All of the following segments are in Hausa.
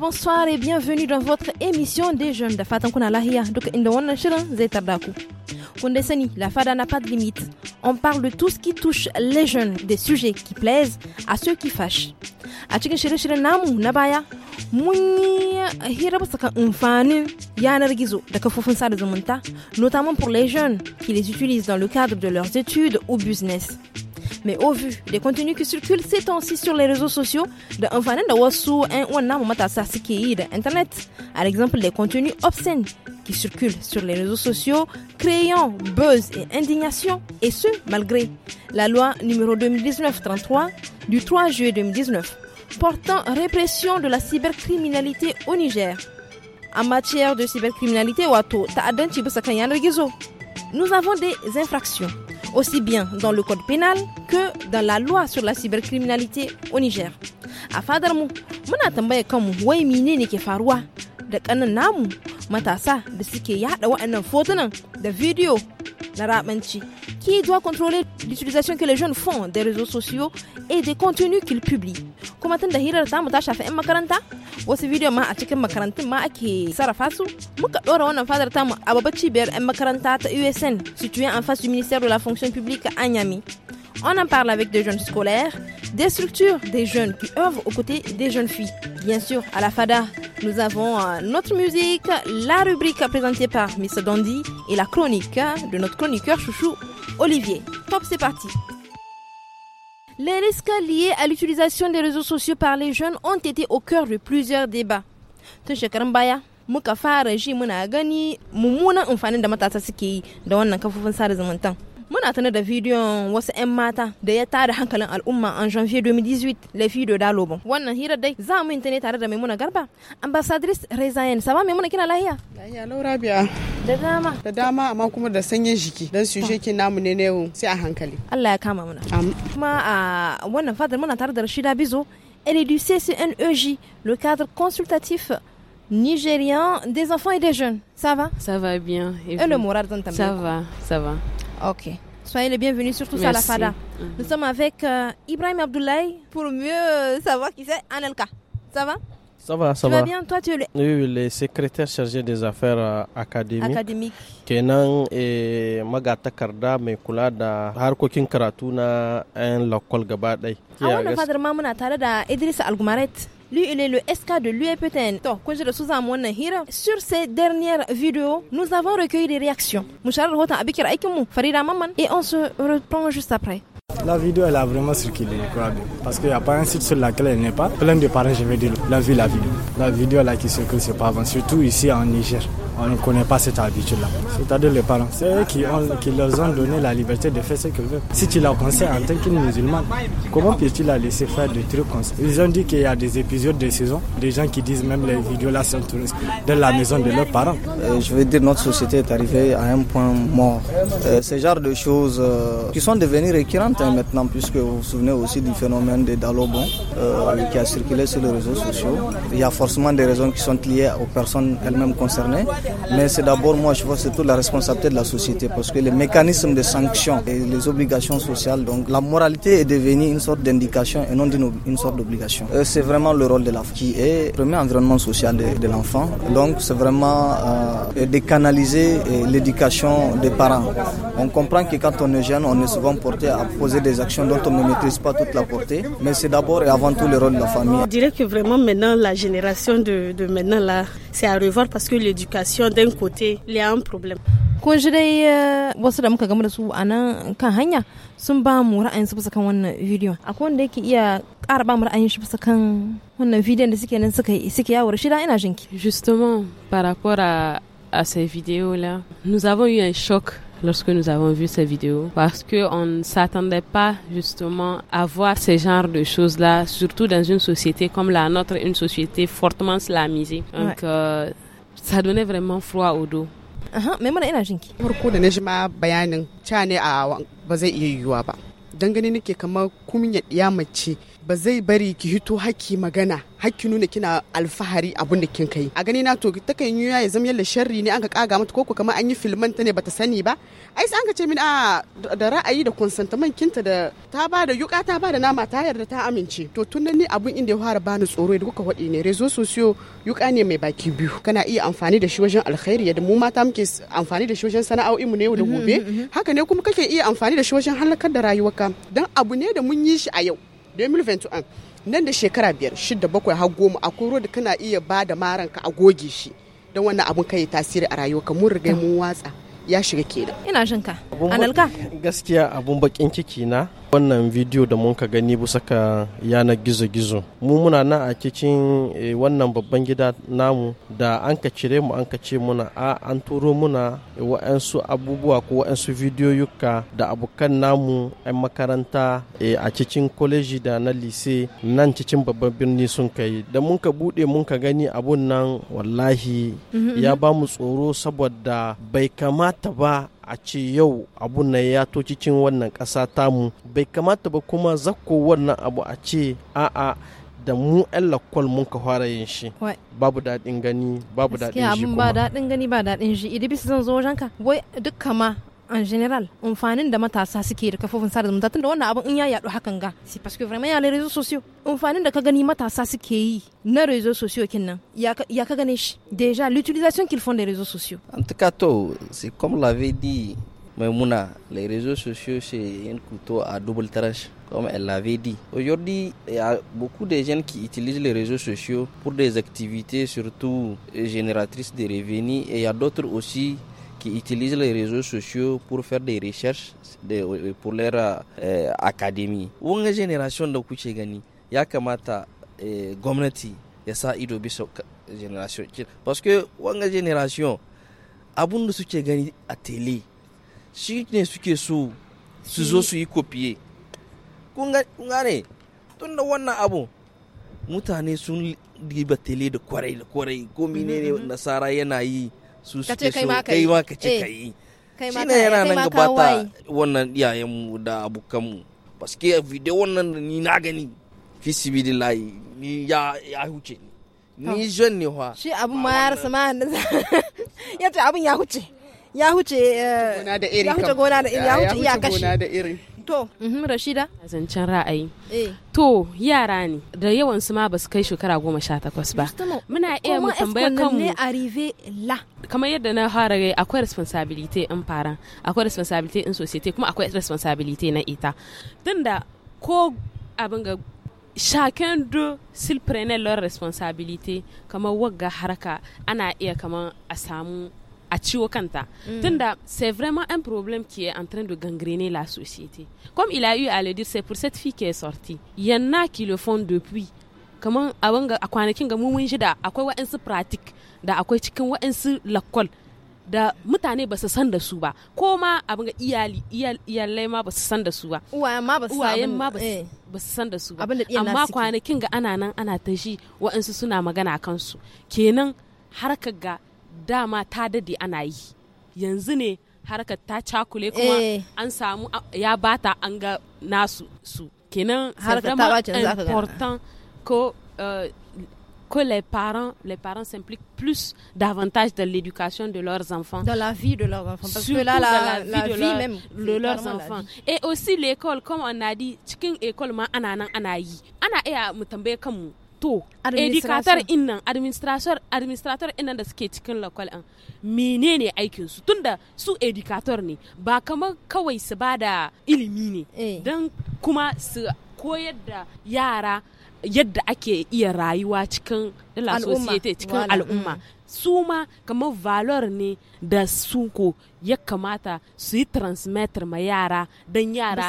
bonsoir et bienvenue dans votre émission des jeunes de fatan Lahia. Donc, la fada n'a pas de limite on parle de tout ce qui touche les jeunes des sujets qui plaisent à ceux qui fâchent a yanar gizo notamment pour les jeunes qui les utilisent dans le cadre de leurs études ou business mais au vu des contenus qui circulent ces temps-ci sur les réseaux sociaux d'un amfanin de Wassou, un ou un suke internet par exemple des contenus obscènes qui circulent sur les réseaux sociaux, créant buzz et indignation, et ce, malgré la loi numéro 2019-33 du 3 juillet 2019 portant répression de la cybercriminalité au Niger. En matière de cybercriminalité, nous avons des infractions aussi bien dans le code pénal que dans la loi sur la cybercriminalité au Niger. A fadar mu muna tambaya kanmu wai menene ke faruwa da kanan namu matasa da suke yada waɗannan fotunan da bidiyo na rabanci qui doit contrôler l'utilisation que les jeunes font des réseaux sociaux et des contenus qu'ils publient kuma tun da hirar tamu ta shafi 'yan makaranta wasu bidiyo ma a cikin makarantun ma ake sarrafa su muka ɗora wannan fadar tamu a babbar cibiyar 'yan makaranta ta usn situé en face du ministère de la fonction publique a nyami on en parle avec des jeunes scolaires, des structures, des jeunes qui œuvrent aux côtés des jeunes filles. Bien sûr, à la FADA, nous avons euh, notre musique, la rubrique présentée par Miss Dandy et la chronique de notre chroniqueur chouchou Olivier. Top, c'est parti. Les risques liés à l'utilisation des réseaux sociaux par les jeunes ont été au cœur de plusieurs débats. muka muna tana da bidiyon wasu 'yan mata da ya tada hankalin al'umma an janvier 2018 la fille de dalobon wannan hirar dai za mu ne tare da maimuna garba ambassadrice rezayen sama maimuna kina lahiya lahiya laura biya da dama da dama amma kuma da sanyin jiki dan suje kin namu ne ne sai a hankali Allah ya kama muna kuma a wannan fadar muna tare da Rashida Bizo Elle est du CCNEJ, le cadre consultatif nigérien des enfants et des jeunes. Ça va Ça va bien. Et, et le moral dans ta Ça va, ça va. Ok. Soyez les bienvenus, sur surtout à la Fada. Mhm. Nous sommes avec euh, Ibrahim Abdoulaye pour mieux euh, savoir qui c'est Anelka. Ça va Ça va, ça va. Tu vas bien Toi, tu le... Oui, le secrétaire chargé des affaires euh, académiques. Académique. Kenan et Magata Karda mais kula da harkokin karatu local 'yan Alors gaba A lui, il est le SK de l'UEPTN. sur ces dernières vidéos, nous avons recueilli des réactions. Et on se reprend juste après. La vidéo, elle a vraiment circulé, incroyable. Parce qu'il n'y a pas un site sur lequel elle n'est pas. Plein de parents, je vais dire, la vu la vidéo. La vidéo là qui circule, c'est pas avant, surtout ici en Niger on ne connaît pas cette habitude-là. C'est-à-dire les parents, c'est eux qui, ont, qui leur ont donné la liberté de faire ce qu'ils veulent. Si tu l'as pensé en tant qu'une musulmane, comment peux-tu la laisser faire des trucs comme ça Ils ont dit qu'il y a des épisodes de saison, des gens qui disent même les vidéos là sont tournées dans la maison de leurs parents. Euh, je veux dire, notre société est arrivée à un point mort. Euh, ce genre de choses euh, qui sont devenues récurrentes hein, maintenant, puisque vous vous souvenez aussi du phénomène des Dalobon qui a circulé sur les réseaux sociaux. Il y a forcément des raisons qui sont liées aux personnes elles-mêmes concernées. Mais c'est d'abord, moi, je vois c'est toute la responsabilité de la société parce que les mécanismes de sanctions et les obligations sociales, donc la moralité est devenue une sorte d'indication et non une, sorte d'obligation. Euh, c'est vraiment le rôle de la qui est le premier environnement social de, l'enfant. Donc, c'est vraiment euh, de canaliser l'éducation des parents. On comprend que quand on est jeune, on est souvent porté à poser des actions dont on ne maîtrise pas toute la portée, mais c'est d'abord et avant tout le rôle de la famille. Je dirais que vraiment maintenant, la génération de, de maintenant là, c'est à revoir parce que l'éducation d'un côté, il y a un problème. ko shi euh, wasu da muka gama da su a nan kan hanya sun ba mu ra'ayin su bisa kan wannan video akwai wanda yake iya ƙara ba mu ra'ayin shi bisa kan wannan video da suke nan suka suke yawo shi da ina jinki justement par rapport à à ces vidéos là nous avons eu un choc lorsque nous avons vu ces vidéos parce qu'on ne s'attendait pas justement à voir ce genre de choses là surtout dans une société comme la nôtre une société fortement slamisée donc euh, ça donnait vraiment froid au dos ba zai bari ki hito haki magana haki nuna kina alfahari abun da kin kai a gani na to kan yi ya zama yalla sharri ne an ka kaga mata koko kamar an yi filman ta ne bata sani ba ai sai an ka ce min a da ra'ayi da konsantaman kinta da ta ba da yuka ta ba da nama ta yarda ta amince to tun nan ne abun inda ya fara bani tsoro da kuka wad'i ne rezo sosiyo yuka ne mai baki biyu kana iya amfani da shi wajen alkhairi yadda mu mata muke amfani da shi wajen sana'o'i mu ne yau da mm-hmm, gobe mm-hmm. haka ne kuma kake iya amfani da shi wajen halakar da rayuwarka dan abu ne da mun yi shi a yau 2021 nan da shekara biyar shida bakwai har goma akwai roda da kana iya ba da maran ka a goge shi don wannan abun kai tasiri a rayuwa mun riga mun watsa ya shiga kenan ina shinka analka gaskiya abun bakin kiki na wannan bidiyo da mun ka gani bisa ka yanar gizo-gizo mu muna nan a cikin eh, wannan babban gida namu da an ka cire mu an ka ce muna a an turo muna wa'ansu abubuwa ko wa'ansu bidiyoyuka da abokan namu 'yan makaranta eh, a cikin koleji da na lise nan cikin babban birni sun kai da mun ka bude mun ka gani abun nan wallahi mm-hmm. ya ba mu tsoro saboda bai kamata ba a ce yau abun nan ya to cikin wannan ƙasa tamu bai kamata ba kuma zakko wannan abu a ce a'a da mu 'yan lakwal mun ka fara yin shi babu daɗin gani babu daɗin shi kuma ba daɗin gani ba daɗin shi idibis zan zo wajenka wai duk kama en général on fait un suke da kafofin sada zumunta tunda wannan abun in hakan ga c'est parce que vraiment il y a les réseaux sociaux on On da ka gani matasa suke yi na réseaux sociaux Il y a déjà l'utilisation qu'ils font des réseaux sociaux en tout cas c'est comme l'avait dit Maimouna, les réseaux sociaux, c'est un couteau à double tranche, comme elle l'avait dit. Aujourd'hui, il y a beaucoup de jeunes qui utilisent les réseaux sociaux pour des activités, surtout génératrices de revenus, et il y a d'autres aussi qui utilisent les réseaux sociaux pour faire des recherches de, eh, pour leur euh, académie. Wanga generation da kuke gani ya kamata eh, il ya sa ido bisa generation. Parce que wanga generation abun da suke gani a tele shi ne suke so su zo su yi kopiye. Kun gane tun da wannan abu mutane sun liba tele de kwarai da kwarai ko menene nasara yana yi. su suke so kai ma ka ce eh. ka yi shi ne yana nan gabata wannan iyayenmu da abokanmu paske video wannan da ni na gani fi layi ni ya ya huce ni ni zon ne fa shi abun ma ya rasa ma yace abun ya huce ya huce eh, gona da iri ya huce gona da iri ya huce iyakashi To, mhm, Rashida? Zancen ra'ayi. Eh. To, yara ne, da yawan su ma ba su kai shekara goma sha takwas ba. Muna iya mu tambaya kanmu. Kamar yadda na fara gai akwai responsibility in faran, akwai responsibility in society kuma akwai responsibility na ita. Tunda ko abin ga shaken do silprenelor prenait kamar wagga haraka ana iya kamar a samu a ciwo kanta mm. tunda c'est vraiment un problème qui est en train de gangréner la société comme il a eu à le dire c'est pour cette fille qui est sortie il y en a qui le font depuis kamar a kwanakin ga mun ji da akwai wa'ansu pratik da akwai cikin wa'ansu lakwal da mutane ba su san da su ba ko ma abin iyali iyalai ma ba su san da su ba uwayen ma ba su eh. san da su ba amma kwanakin ga ana nan ana ta shi wa'ansu suna magana kansu kenan harkar ga dama ta dade ana yi yanzu ne harkar ta cakule kuma eh. an samu ya bata an ga nasu su kenan ta important ko que eh, les parents, les parents s'impliquent plus davantage dans l'éducation de leurs enfants. Dans la vie de leurs enfants. Parce Surtout que là, la, la, vie, la de vie leur, même. De leurs enfants. Et aussi l'école, comme on a dit, chicken école ma ananan anayi. Ana iya mutambe kamu. to educator innan administrator administrator da suke cikin lakwal an menene aikin su tunda su edikator ne ba kamar kawai su ba da ilimi ne eh. don kuma su koyar da yara yadda ake iya rayuwa cikin la cikin al'umma mm. su ma kamar valor ne da ko ya kamata su yi transmitter ma yara don yaro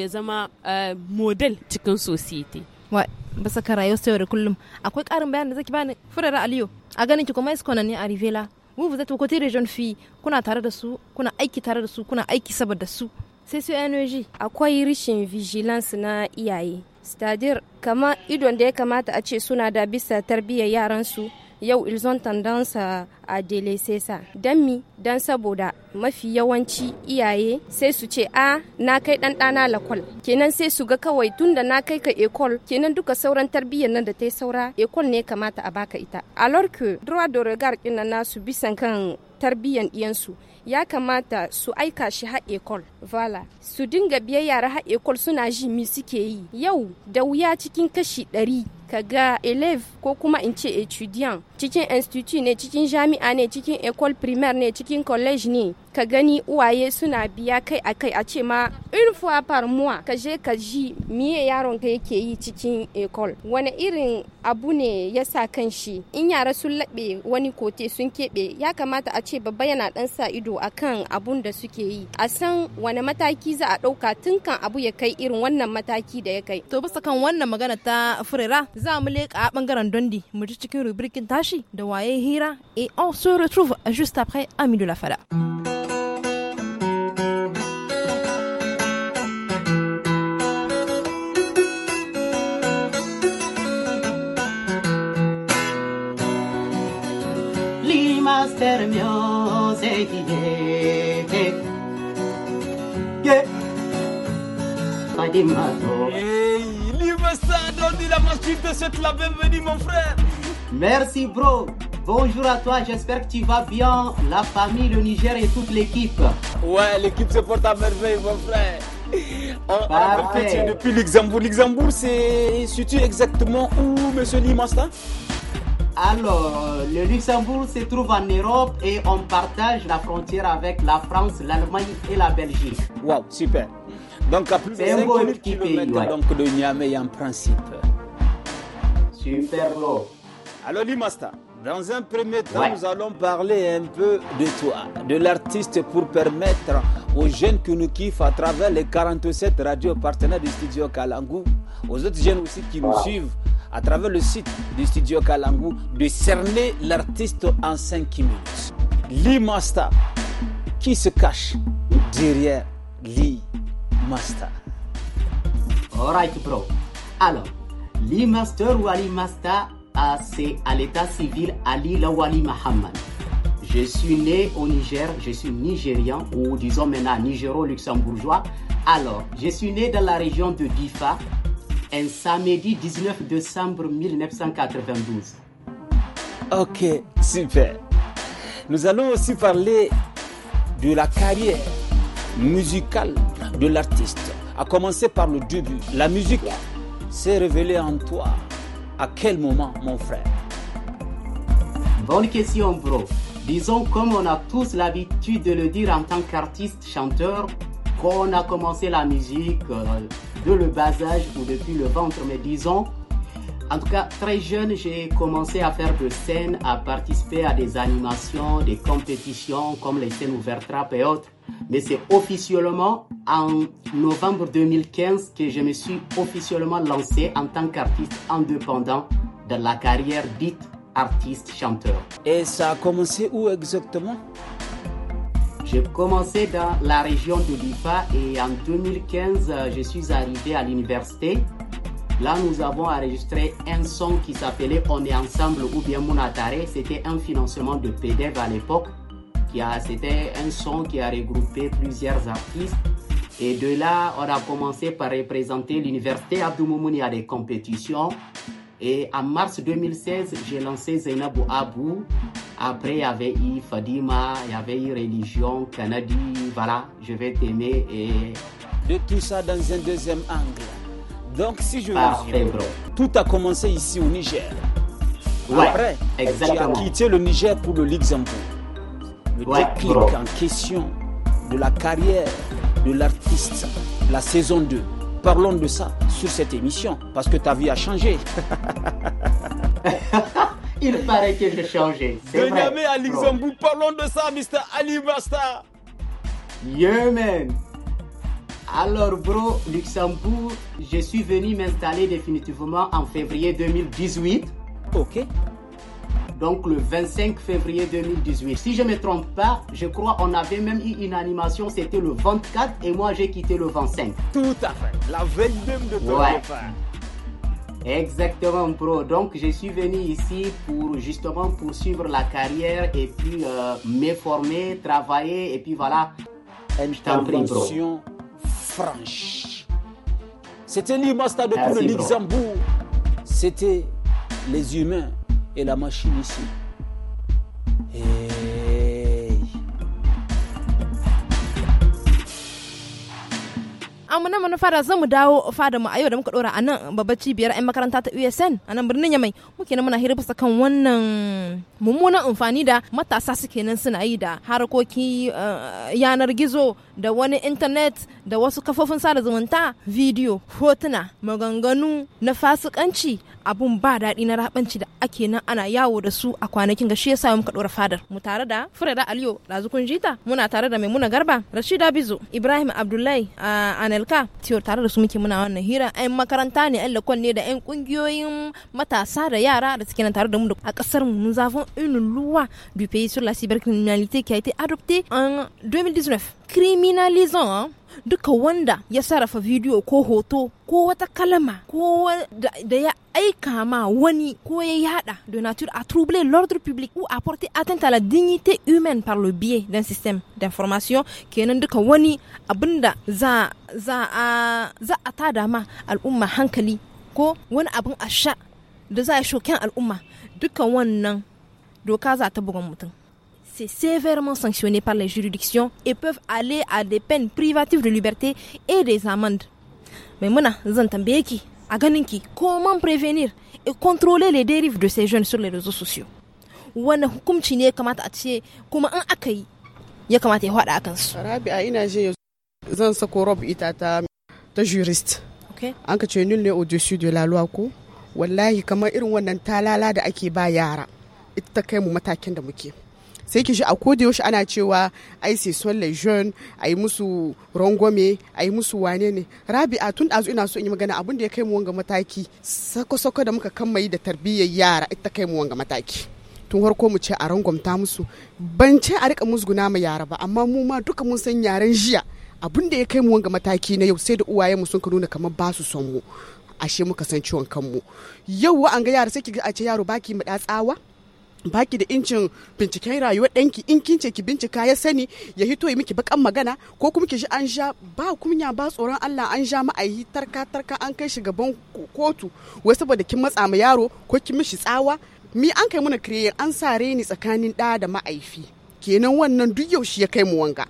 ya zama eh, model cikin sosiyete. wa ka kara yau da kullum akwai karin bayanin da zaki bani furera aliyu a ganin ki kuma iskona ne a rivela mu bu êtes aux côtés fi kuna tare da su kuna aiki tare da su kuna aiki saboda su sai su energy akwai rishin vigilance na iyaye stadir kama idon da ya kamata a ce suna da bisa tarbiyyar yaransu yau ilzon tendance a delese sa Dan mi don saboda mafi yawanci iyaye sai su ce a ah, na kai dan dana lakol kenan sai su ga kawai tun da na kai ka ekol kenan duka sauran tarbiyyar nan da ta saura ekol ne kamata a baka ita alors que droit de regard nan nasu bisan kan tarbiyyar ɗiyansu ya kamata su aika shi ha ekol vala su dinga biyayya yara har ekol suna ji mi suke yi yau da wuya cikin kashi ɗari ka ga eleve ko kuma in ce etudiant cikin institut ne cikin jami'a ne cikin école primaire ne cikin collège ne ka gani uwaye suna biya kai a kai a ce ma irfuwa farmuwa ka je ka ji miye yaron ka yake yi cikin ecole wani irin abu ne ya sa kan shi in yara sun laɓe wani kote sun keɓe ya kamata a ce babba yana ɗan sa ido a kan abun da suke yi a san wani mataki za a ɗauka tun kan abu ya kai irin wannan mataki da ya kai to bisa kan wannan magana ta furera za mu leƙa ɓangaren dondi mu ji cikin rubrikin tashi da waye hira et on se retrouve juste après ami Lafada. la de cette la bienvenue, mon frère. Merci, bro. Bonjour à toi, j'espère que tu vas bien, la famille, le Niger et toute l'équipe. Ouais, l'équipe se porte à merveille, mon frère. On depuis Luxembourg. Luxembourg, c'est situé exactement où, monsieur Limasta alors, le Luxembourg se trouve en Europe et on partage la frontière avec la France, l'Allemagne et la Belgique. Wow, super. Donc à plus de 5000 km donc, de Niamey en principe. Super Alors Limasta, dans un premier temps, nous allons parler un peu de toi, de l'artiste pour permettre aux jeunes que nous kiffent à travers les 47 radios partenaires du studio Kalangu, aux autres jeunes aussi qui nous suivent à travers le site du studio Kalangu, de cerner l'artiste en 5 minutes. Limasta, qui se cache derrière Li master. Alright, bro. Alors, l'e-master ou Ali master ah, c'est à l'état civil Ali Lawali Muhammad. Je suis né au Niger, je suis nigérian ou disons maintenant nigéro-luxembourgeois. Alors, je suis né dans la région de Difa un samedi 19 décembre 1992. Ok, super. Nous allons aussi parler de la carrière musicale de l'artiste, a commencé par le début. La musique s'est révélée en toi. À quel moment, mon frère Bonne question, bro. Disons, comme on a tous l'habitude de le dire en tant qu'artiste, chanteur, qu'on a commencé la musique euh, de le bas âge ou depuis le ventre, mais disons, en tout cas, très jeune, j'ai commencé à faire de scènes, à participer à des animations, des compétitions comme les scènes ouvertes et autres. Mais c'est officiellement en novembre 2015 que je me suis officiellement lancé en tant qu'artiste indépendant dans la carrière dite artiste-chanteur. Et ça a commencé où exactement j'ai commencé dans la région de l'IFA et en 2015, euh, je suis arrivé à l'université Là, nous avons enregistré un son qui s'appelait On est ensemble ou bien Mounatare. C'était un financement de PDF e à l'époque. C'était un son qui a regroupé plusieurs artistes. Et de là, on a commencé par représenter l'université Abdou Moumouni à des compétitions. Et en mars 2016, j'ai lancé Zainabou Abou. Après, il y avait eu Fadima, il y avait eu Religion, Canadi, voilà, je vais t'aimer. Et... De tout ça dans un deuxième angle. Donc, si je reviens, tout a commencé ici au Niger. Ouais, Après, tu as quitté le Niger pour le Luxembourg. Le déclic en question de la carrière de l'artiste, la saison 2. Parlons de ça sur cette émission, parce que ta vie a changé. Il paraît que j'ai changé. De à Luxembourg, parlons de ça, Mr. Ali Basta. Yeah, man. Alors, bro, Luxembourg, je suis venu m'installer définitivement en février 2018. Ok. Donc, le 25 février 2018. Si je ne me trompe pas, je crois on avait même eu une animation, c'était le 24 et moi j'ai quitté le 25. Tout à fait. La veille de ton Exactement, bro. Donc, je suis venu ici pour justement poursuivre la carrière et puis euh, me former, travailler et puis voilà. Intervention franche. C'était l'Imasta tout le Luxembourg. C'était les humains et la machine ici. Hey. amuna mana fara zamu dawo fada mu ayo yau da muka dora anan nan babbar cibiyar 'yan makaranta ta usn a nan birnin yamai muke nan muna hira bisa kan wannan mummunan amfani da matasa suke nan suna yi da harkoki eh, yanar gizo da wani intanet da wasu kafofin sada zumunta bidiyo hotuna maganganu na fasikanci abun ba daɗi na rabanci da ake nan ana yawo da su a kwanakin ga shi yasa muka ɗora fadar mu tare da Fureda Aliyo Razukun Jita muna tare da Maimuna Garba Rashida Bizo Ibrahim Abdullahi Anelka tiyo tare da su muke muna wannan hira ƴan makaranta ne ƴan lakon ne da yan kungiyoyin matasa da yara da suke nan tare da mu a kasar mu mun zafin une luwa du pays sur la cybercriminalité qui a été adoptée en 2019 crime finalisant, huh? duka wanda ya sarrafa bidiyo ko hoto ko wata kalama ko da ya aika ma wani ko ya de nature à troubler l'ordre public ou à porter atteinte à la dignité humaine par le biais d'un système d'information kenan du kawani abunda za za a za a al al'umma hankali ko wani abun a sha da za a shoken al'umma duka wannan doka za ta bugan mutum c'est sévèrement sanctionnés par les juridictions et peuvent aller à des peines privatives de liberté et des amendes. Mais Mona, Zantambeki, Aganinki, comment prévenir et contrôler les dérives de ces jeunes sur les réseaux sociaux Wana hukumci ne kamata a ce kuma an aka yi ya kamata ya hada akan su. Rabi'a ina je zan sako rob ita ta ta jurist. An ka ce nul ne au-dessus de la loi ko wallahi kamar irin wannan talala da ake ba yara ita ta kai mu matakin da muke. sai ki shi a da yaushe ana cewa ai sai son a ai musu rangwame ai musu wane ne rabi'a tun ɗazu ina so in yi magana abin da ya kai mu wanga mataki sako-sako da muka kammai da tarbiyyar yara ita kai mu wanga mataki tun harko mu ce a rangwamta musu ban ce a rika musguna ma yara ba amma mu ma duka mun san yaren jiya abin da ya kai mu wanga mataki na yau sai da uwaye mu sun ka nuna kamar ba su son mu ashe muka san ciwon kanmu yau wa an ga yara sai ki ga a ce yaro baki mu da tsawa baki da incin binciken rayuwar ɗanki in kince ki bincika ya sani ya hito ya miki bakan magana ko kuma ki shi an sha ba kunya ba tsoron Allah an sha ma'aihi tarka tarka an kai shi gaban kotu wai saboda kin matsa ma yaro ko kin mishi tsawa mi an kai mana kire an sare ni tsakanin ɗa da ma'aifi kenan wannan duk yaushe ya kai mu wanga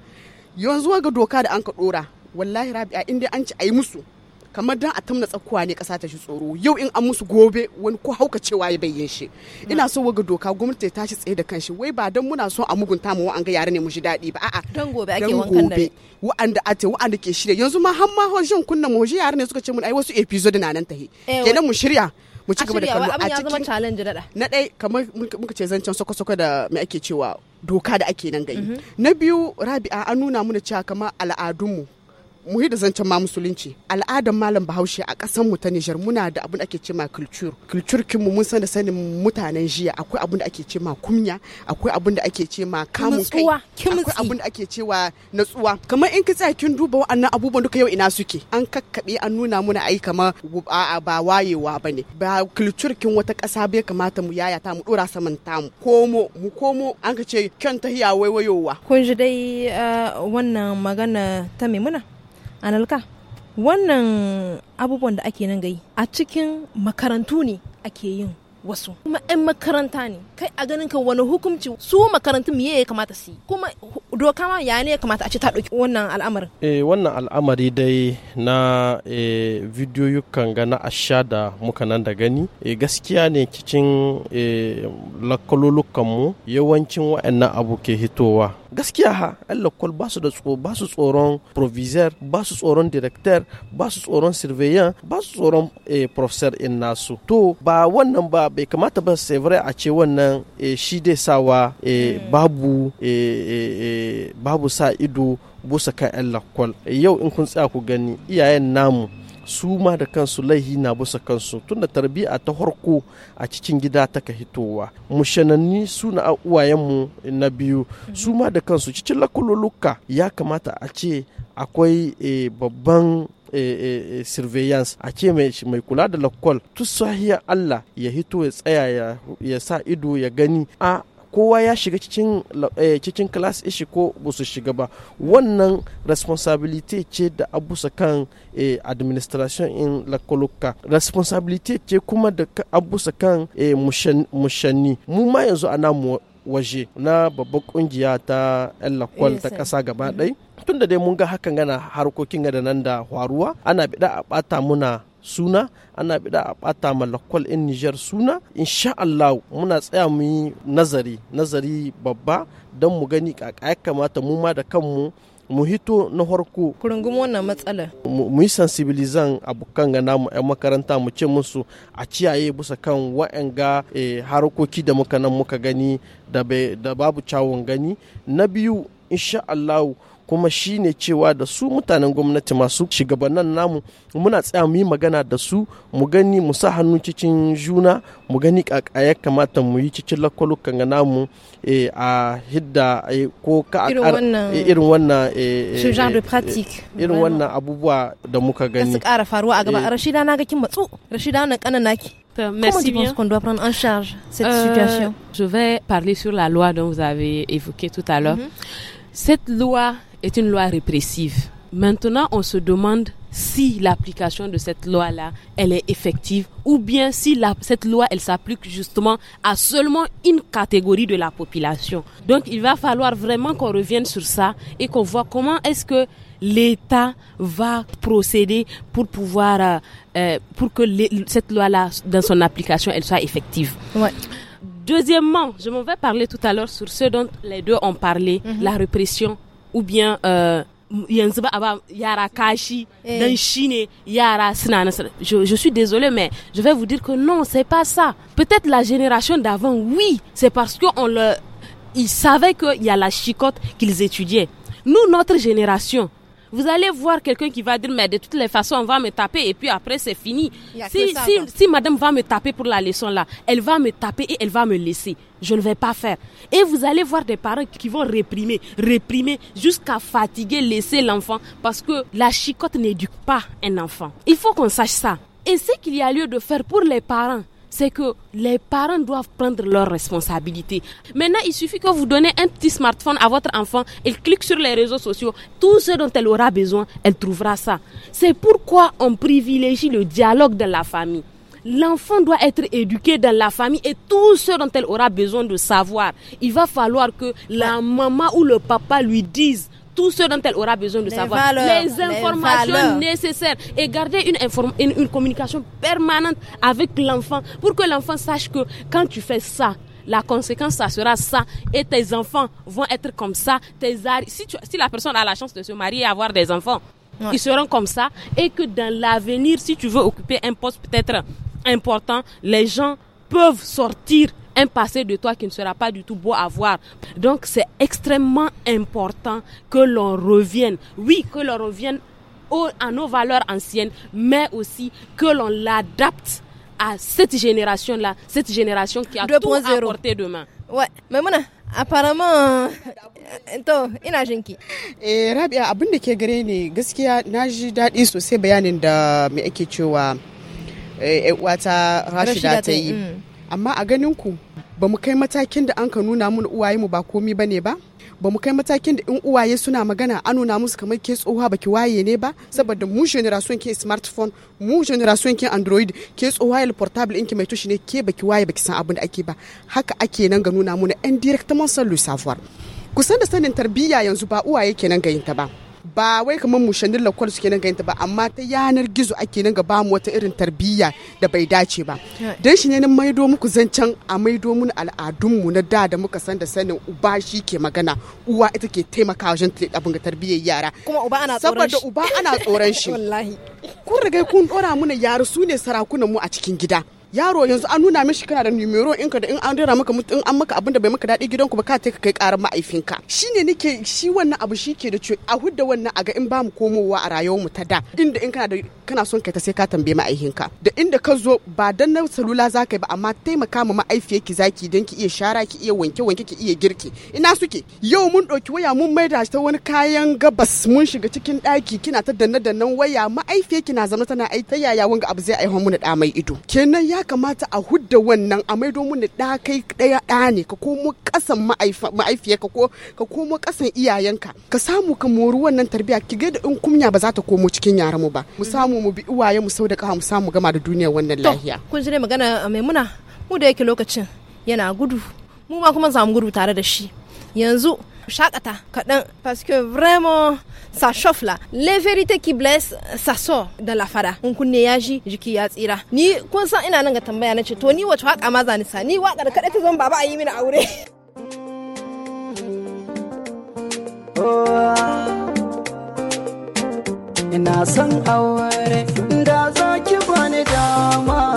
yanzu ga doka da an ka dora wallahi rabi'a inda an ci ayi musu kamar dan a tamna tsakuwa ne kasa ta shi tsoro yau in an musu gobe wani ko hauka cewa ya bayyan shi ina so waga doka gwamnati ta tashi tsaye da kanshi wai ba dan muna so a mugunta mu ga yare ne mu ji daɗi ba a'a dan gobe ake wankan dare wa'anda ate wa'anda ke shirya yanzu ma har ma hojin kunna mu hoji yare ne suka ce mun ai wasu episode na nan tahi eh, kenan mu shirya mu ci gaba da kallo a cikin challenge na dai kamar muka ce zancen soko-soko da me ake cewa doka da ake nan gari mhm. na biyu rabi'a an nuna mana cewa kamar al'adunmu mu da zancen ma musulunci al'adan malam bahaushe a kasan mu ta Nijar muna da abin da ake cema culture culture kin mu mun san da sanin mutanen jiya akwai abin da ake cema kunya akwai abin da ake cema kamun kai akwai abin da ake cewa natsuwa kamar in ka tsaya kin duba wa'annan abubuwan duka yau ina suke an kakkabe an nuna muna ai kamar a'a ba wayewa bane ba culture kin wata ƙasa bai kamata mu ta mu dora saman ta mu. komo mu komo an ka ce kyan ta hiya waiwayowa kun ji dai eh, wannan magana ta muna analka wannan abubuwan da ake nan gai a cikin makarantu ne ake yin wasu kuma 'yan makaranta ne kai a ganin ka wani hukunci su makarantun miye ya kamata su kuma doka ma ya ne ya kamata a ce ta ɗauki wannan al'amarin eh wannan al'amari dai na eh, yukan ga na asha da muka nan da gani eh, gaskiya ne cikin eh, mu yawancin wa'annan abu ke hitowa gaskiya ha yan ba su da tsoro ba su tsoron proviseur ba su tsoron directeur ba su tsoron surveillant ba su tsoron eh, professeur in nasu to ba wannan ba bai kamata ba sai a ce wannan eh, shi dai sawa eh, mm. babu babu sa ido busa kan yan yau in kun tsaya ku gani iyayen namu su ma da kansu laihi na bisa kansu tunda tarbiya ta harko a cikin gida ta ka hitowa mushanani su na uwayenmu na biyu su ma da kansu cikin lakululuka ya kamata a ce akwai eh, babban E, e, surveillance a ce mai kula da lakwal tun sahiya Allah ya hito ya tsaya ya sa ido ya gani a kowa ya shiga cikin eh, cikin class ishi ko ba su shiga ba wannan responsibility ce da abusa kan eh, administration in lakoluka responsibility ce kuma da abusa kan eh, mushanni mu ma yanzu ana mu waje na babbar kungiya ta 'yan lakwal ta kasa gaba mm-hmm. ɗai tun da dai mun ga hakan gana harkokin da nan da faruwa ana bida a ɓata muna suna ana bida a bata malakwal in Nijar suna insha Allah muna tsaya mu yi nazari nazari babba don mu gani kaka ya kamata mu ma da kanmu mu hito na harko kurungumo wannan matsala mu yi sensibilizan abokan ga namu 'yan makaranta mu ce musu a ciyaye bisa kan wa'anga eh, harkoki da muka nan muka gani da babu cawon gani na biyu insha Allah kuma shine cewa da su mutanen gwamnati masu shugabannin namu muna tsaya mu yi magana da su mu gani mu sa hannu cikin juna mu gani kaka ya kamata mu yi cikin lakwalukan ga namu eh, a hidda eh, ko ka eh, irin wannan irin wannan abubuwa da muka gani ka kara faruwa a gaba rashida na ga kin matsu rashida wannan kanan naki Merci Comment tu qu'on doit prendre en charge cette euh, situation Je vais parler sur la loi dont vous avez évoqué tout à l'heure. Mm -hmm. Cette loi est une loi répressive. Maintenant, on se demande si l'application de cette loi-là, elle est effective, ou bien si cette loi, elle s'applique justement à seulement une catégorie de la population. Donc, il va falloir vraiment qu'on revienne sur ça et qu'on voit comment est-ce que l'État va procéder pour pouvoir, euh, euh, pour que cette loi-là, dans son application, elle soit effective. Deuxièmement, je m'en vais parler tout à l'heure sur ce dont les deux ont parlé, mm-hmm. la répression ou bien euh, yanzu ba eh. je, je suis désolé mais je vais vous dire que non c'est pas ça peut-être la génération d'avant oui c'est parce que on le ils savaient qu'il y a la chicotte qu'ils étudiaient nous notre génération vous allez voir quelqu'un qui va dire, mais de toutes les façons, on va me taper et puis après, c'est fini. Si, si, madame va me taper pour la leçon là, elle va me taper et elle va me laisser. Je ne vais pas faire. Et vous allez voir des parents qui vont réprimer, réprimer jusqu'à fatiguer, laisser l'enfant parce que la chicotte n'éduque pas un enfant. Il faut qu'on sache ça. Et ce qu'il y a lieu de faire pour les parents, c'est que les parents doivent prendre leurs responsabilités. Maintenant, il suffit que vous donnez un petit smartphone à votre enfant, il clique sur les réseaux sociaux, tout ce dont elle aura besoin, elle trouvera ça. C'est pourquoi on privilégie le dialogue dans la famille. L'enfant doit être éduqué dans la famille et tout ce dont elle aura besoin de savoir. Il va falloir que la maman ou le papa lui dise tout ce dont elle aura besoin de savoir, les informations nécessaires et garder une, une, une communication permanente avec l'enfant pour que l'enfant sache que quand tu fais ça, la conséquence, ça sera ça. Et tes enfants vont être comme ça. Tes si, si la personne a la chance de se marier et avoir des enfants, ils seront comme ça. Et que dans l'avenir, si tu veux occuper un poste peut-être important, les gens peuvent sortir un passé de toi qui ne sera pas du tout beau à voir. Donc c'est extrêmement important que l'on revienne. Oui, que l'on revienne à nos valeurs anciennes, mais aussi que l'on l'adapte à cette génération-là, cette génération qui a tout apporté demain. Ouais, mais moi, apparemment, to ina jinki. Eh Rabia, Eh, eh, wata rashida ta yi mm. amma a ganin ku ba mu kai matakin da an ka nuna mun uwaye mu ba komi bane ba ba mu kai matakin da in uwaye suna magana an nuna musu kamar ke tsohuwa baki waye ne ba saboda mu generation ke smartphone mu generation ke android ke tsohuwa el portable ɗinki mai tushi ne ke baki waye baki san abin da ake ba haka ake nan ga nuna mun en directement sans le savoir kusan da sanin tarbiyya yanzu ba uwaye kenan ga yin ta ba ba wai kamar mu shandir lakwal suke nan ganta ba amma ta yanar gizo ake nan ga mu wata irin tarbiyya da bai dace ba dan shi ne na maido muku zancen a maido mun al'adun mu na da da muka san da sanin uba shi ke magana uwa ita ke taimaka wajen abin ga tarbiyyar yara kuma uba ana tsoron shi saboda uba ana tsoron shi wallahi kun riga kun dora mana yara su ne sarakunan mu a cikin gida yaro yanzu an nuna mishi kana da numero inka da in an rera maka in an maka abin da bai maka daɗi ku ba ka ta kai karar ma'aifinka shine nake shi wannan abu shi ke da ce a hudda wannan a ga in bamu komowa a rayuwar mu ta da inda in kana da kana son kai ta sai ka tambaye ma'aifinka da inda ka zo ba dan na salula za ka yi ba amma taimaka ma ma'aifiyarki zaki dan ki iya shara ki iya wanke wanke ki iya girki ina suke yau mun ɗauki waya mun maida ta wani kayan gabas mun shiga cikin ɗaki kina ta danna-dannan waya ma'aifiyarki na zama tana ai yaya wanga abu zai aiwa mu da mai ido kenan ya ya kamata a hudda wannan a maido mun da kai daya da ne ka komo kasan ka ko ka komo kasan iyayenka ka samu ka mori wannan tarbiya ki ga da in kunya ba za ta komo cikin yaran mu ba mu samu mu bi uwaye mu sau da mu samu gama da duniya wannan lahiya kun ji magana eh, maimuna mu da yake lokacin yana gudu mu ma kuma samu gudu tare da shi yanzu shakata kaɗan parce que vraiment ça chauffe là les vérités qui blessent ça sort de la fara in kunne ya ji jiki ya tsira ni kun san ina nan ga tambaya na ce to ni wace waka ma ni sa ni waka da kaɗai ta zan baba a yi mini aure Ina son aure da za ki bani dama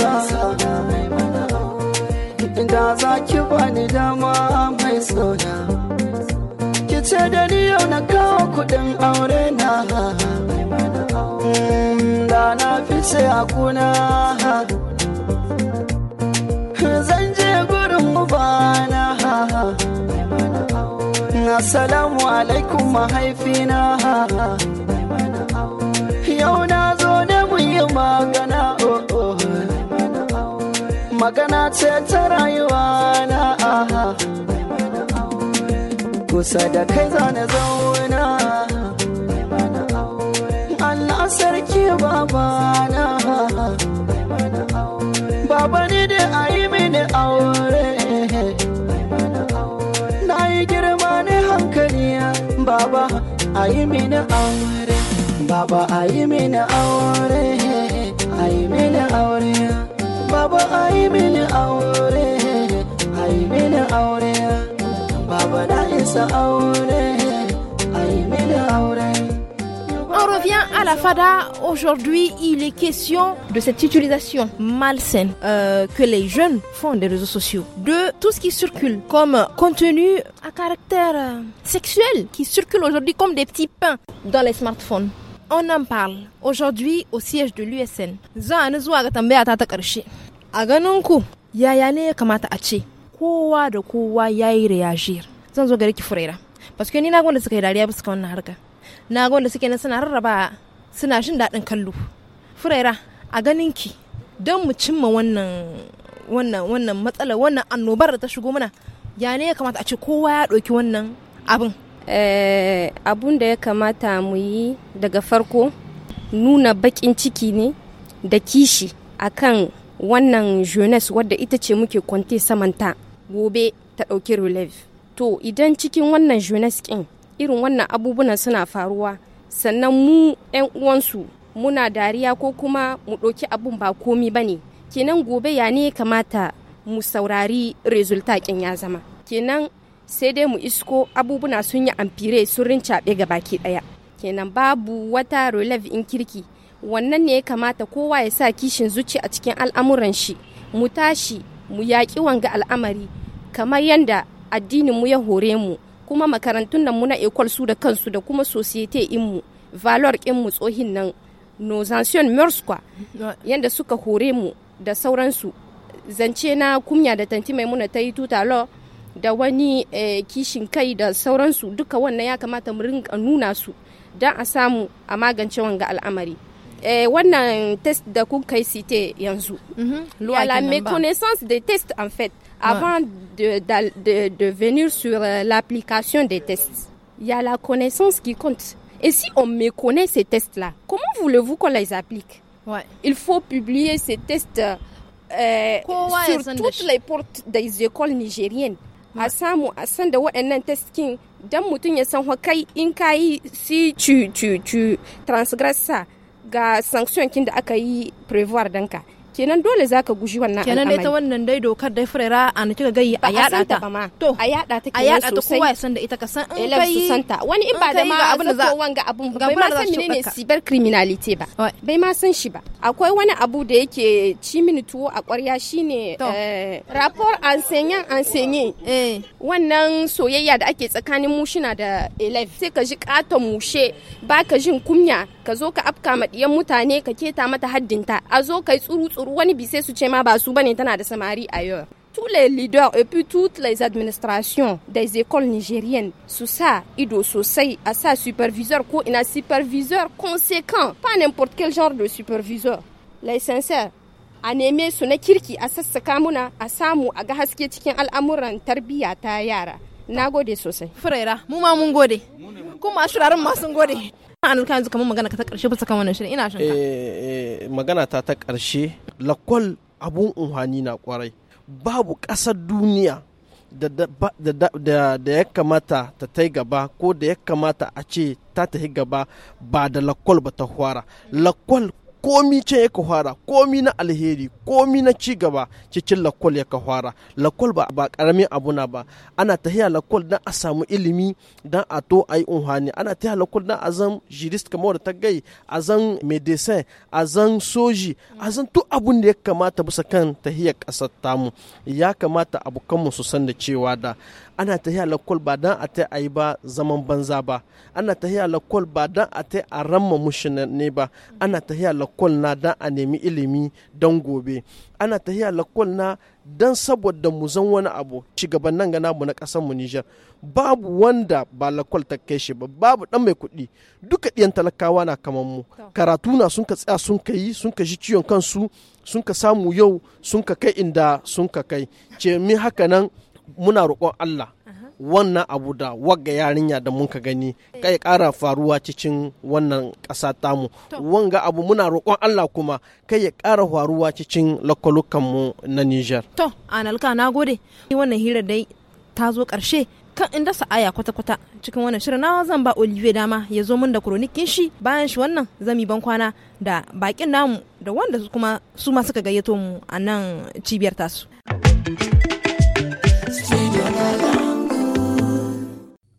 Da za ki bani dama mai sauna ce da ni yau na kawo kuɗin aure na mm, da na fice a kuna zan je gurin ubana Assalamu alaikum mahaifina Yau na zo ne mun yi magana magana ce ta rayuwa na kusa da kai zana zauna Allah sarki babana baba ne da a yi mini aure na yi girma ne hankali baba a yi mini aure baba a yi mini aure a yi mini aure baba a yi mini aure On revient à la FADA. Aujourd'hui, il est question de cette utilisation malsaine euh, que les jeunes font des réseaux sociaux, de tout ce qui circule comme contenu à caractère euh, sexuel qui circule aujourd'hui comme des petits pains dans les smartphones. On en parle aujourd'hui au siège de l'USN. yayane kamata kowa kowa réagir. zan zo gare ki furaira ba ni na gwanda suka yi dariya bisa wannan harka na gwanda suke nan suna rarraba suna jin daɗin kallo furaira a ganin ki don mu cimma wannan wannan wannan matsalar wannan annobar da ta shigo mana ya ne ya kamata a ce kowa ya ɗauki wannan abin eh, abun da ya kamata mu yi daga farko nuna baƙin ciki ne da kishi akan wannan jeunesse wadda ita ce muke kwante samanta gobe ta ɗauki relève to idan cikin wannan jeunesse irin wannan abubuwan suna faruwa sannan mu 'yan uwansu muna dariya ko kuma mu ɗauki abun ba komi ba ne kenan gobe ya ne kamata mu saurari resulta kin ya zama kenan sai dai mu isko abubuwa sun yi amfire sun rincaɓe ga baki ɗaya kenan babu wata releve in kirki wannan ne ya kamata kowa ya sa kishin zuci a cikin al'amuran shi mu tashi mu yaƙi wanga al'amari kamar yadda addinin mu ya hore mu kuma makarantun nan mu na ekol su da kansu da kuma sosiyete in mu valor in mu tsohin nan nos ancien yadda suka hore mu da sauransu zance na kumya da tanti maimuna ta yi tutalo da wani eh, kishin kai da sauransu duka wannan ya kamata mu rinka nuna su don a samu a magance wanga al'amari eh, wannan test da kun kai site yanzu mhm. la méconnaissance des test en fait avant de, venir sur euh, l'application des tests, il y a la connaissance qui compte. Et si on méconnaît ces tests-là, comment voulez-vous qu'on les applique Il faut publier ces tests euh, sur toutes les portes des écoles nigériennes. a ça a san da ya san kai in kai si tu tu transgressa ga sanction kin da aka yi kenan dole za ka guji wannan kenan ita wannan dai dokar dai furera na kika gayi a yada ta to a yada ta kenan sosai a yada ta kowa ya san da ita ka san in eh, kai su santa wani in ba da ma abin da za wanga abin ba. bai ma san menene cyber criminality ba bai ma san shi ba akwai wani abu da yake ci mini tuwo a ƙwarya shine eh, rapport enseignant enseignant eh. wannan soyayya da ake tsakanin mushina da elef sai ka ji katon mushe ba ka jin kunya ka zo ka afka ma diyan mutane ka keta mata haddinta a zo ka kai tsuru wani bise ma ba su bane tana da samari ailleurs tous les leaders et puis toutes les administrations des écoles nigériennes sous ça ido sosai à sa superviseur ko ina superviseur conséquent pas n'importe quel genre de superviseur les sincères a ce n'est na kirki a sassaka muna a samu a ga haske cikin al'amuran tarbiya ta yara na gode sosai furera mu ma mun gode kuma shirarin ma gode an alkan yanzu kamar magana ka ta karshe bisa kan wannan shirin ina shanka eh, eh magana ta ta karshe lakwal abun unhani na kwarai babu ƙasar duniya da ya kamata ta tai gaba ko da ya kamata a ce ta tafi gaba ba da lakwal ba ta hwara lakwal komi can ya fara komi na alheri komi na ci gaba cikin lakwal ya fara lakwal ba ba karamin abu na ba ana tahiya lakwal dan a samu ilimi dan a to ayi unhani ana tahiya lakwal dan a zan jurist kamar da ta gai a zan medecin a zan soji a zan duk abun da ya kamata bisa kan tahiyar kasar tamu ya kamata abokanmu su san da cewa da ana tahiya lakwal ba dan a ta yi ba zaman banza ba ana tahiya lakwal ba dan a ta a ramma ne ba ana tahiya lakwal na dan a nemi ilimi dan gobe ana tahiya lakwal na dan saboda mu zan wani abu nan ga mu na kasar mu Nijar babu wanda ba lakwal ta kai shi ba babu dan mai kuɗi duka ɗiyan talakawa na kamar mu karatu na sun ka tsaya sun ka yi sun ka ji ciwon kansu sun ka samu yau sun ka kai inda sun ka kai ce mi haka nan muna roƙon Allah wannan abu da wagga yarinya da muka gani kai ƙara faruwa cikin wannan ƙasa tamu wanga abu muna roƙon Allah kuma kai ya kara faruwa cikin lokolukan mu na Niger to analka na gode wannan hira dai ta zo ƙarshe kan inda sa'aya kwata-kwata cikin wannan shirin na zan ba olive dama ya zo mun da kronikin shi bayan shi wannan zami ban kwana da bakin namu da wanda kuma su ma suka gayyato mu a nan cibiyar tasu.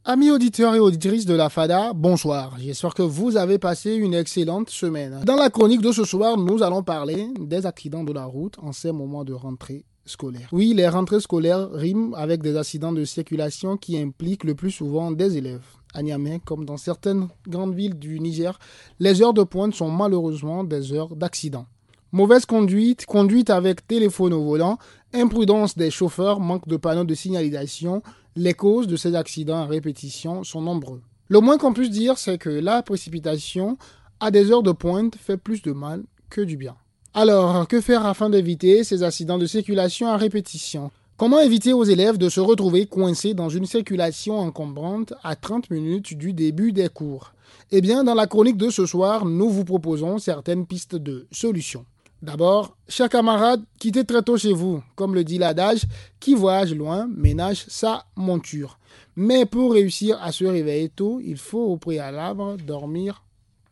Amis auditeurs et auditrices de la FADA, bonsoir. J'espère que vous avez passé une excellente semaine. Dans la chronique de ce soir, nous allons parler des accidents de la route en ces moments de rentrée scolaire. Oui, les rentrées scolaires riment avec des accidents de circulation qui impliquent le plus souvent des élèves. À Niamey, comme dans certaines grandes villes du Niger, les heures de pointe sont malheureusement des heures d'accident. Mauvaise conduite, conduite avec téléphone au volant, Imprudence des chauffeurs, manque de panneaux de signalisation, les causes de ces accidents à répétition sont nombreux. Le moins qu'on puisse dire, c'est que la précipitation à des heures de pointe fait plus de mal que du bien. Alors, que faire afin d'éviter ces accidents de circulation à répétition Comment éviter aux élèves de se retrouver coincés dans une circulation encombrante à 30 minutes du début des cours Eh bien, dans la chronique de ce soir, nous vous proposons certaines pistes de solutions. D'abord, chers camarades, quittez très tôt chez vous. Comme le dit l'adage, qui voyage loin ménage sa monture. Mais pour réussir à se réveiller tôt, il faut au préalable dormir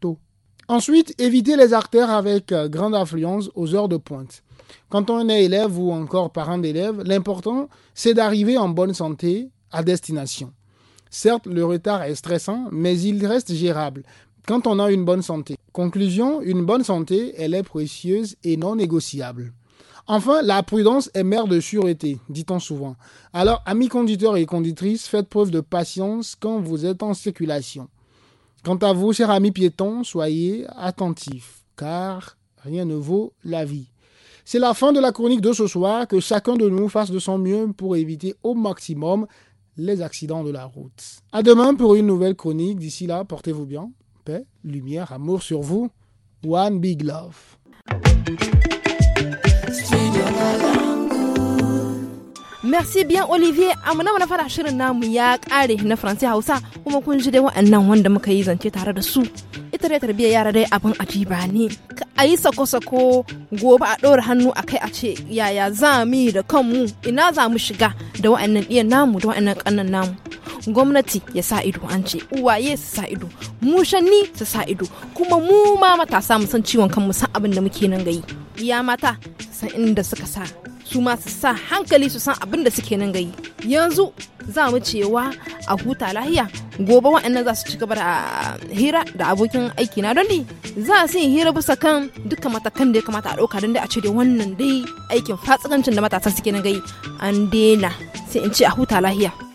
tôt. Ensuite, évitez les artères avec euh, grande affluence aux heures de pointe. Quand on est élève ou encore parent d'élève, l'important, c'est d'arriver en bonne santé à destination. Certes, le retard est stressant, mais il reste gérable quand on a une bonne santé. Conclusion, une bonne santé, elle est précieuse et non négociable. Enfin, la prudence est mère de sûreté, dit-on souvent. Alors, amis conducteurs et conductrices, faites preuve de patience quand vous êtes en circulation. Quant à vous, chers amis piétons, soyez attentifs, car rien ne vaut la vie. C'est la fin de la chronique de ce soir, que chacun de nous fasse de son mieux pour éviter au maximum les accidents de la route. À demain pour une nouvelle chronique. D'ici là, portez-vous bien. Paix, lumière, amour sur vous. One Big Love. Merci bien Olivier, fara namu ya na Hausa kuma kun ji dai muka yi zance tare da su. Ita a yi sako-sako gobe a ɗora hannu a kai a ce yaya za mu yi da kanmu ina za mu shiga da wa'annan ɗiyan namu da wa'annan ƙannan namu gwamnati ya sa ido an ce uwaye su sa ido mu shanni su sa ido kuma mu ma matasa mu san ciwon kanmu san abin da muke nan gayi iya mata san inda suka sa su ma su sa hankali su san abin da suke nan gayi yanzu za mu cewa a huta lahiya gobe waɗannan za su ci gaba da ah, hira da abokin aiki na don za su yi hira bisa kan dukkan matakan da ya kamata a ɗauka don dai a cire wannan dai aikin fatsikancin da matasa suke nan gayi an daina sai in ce a huta lahiya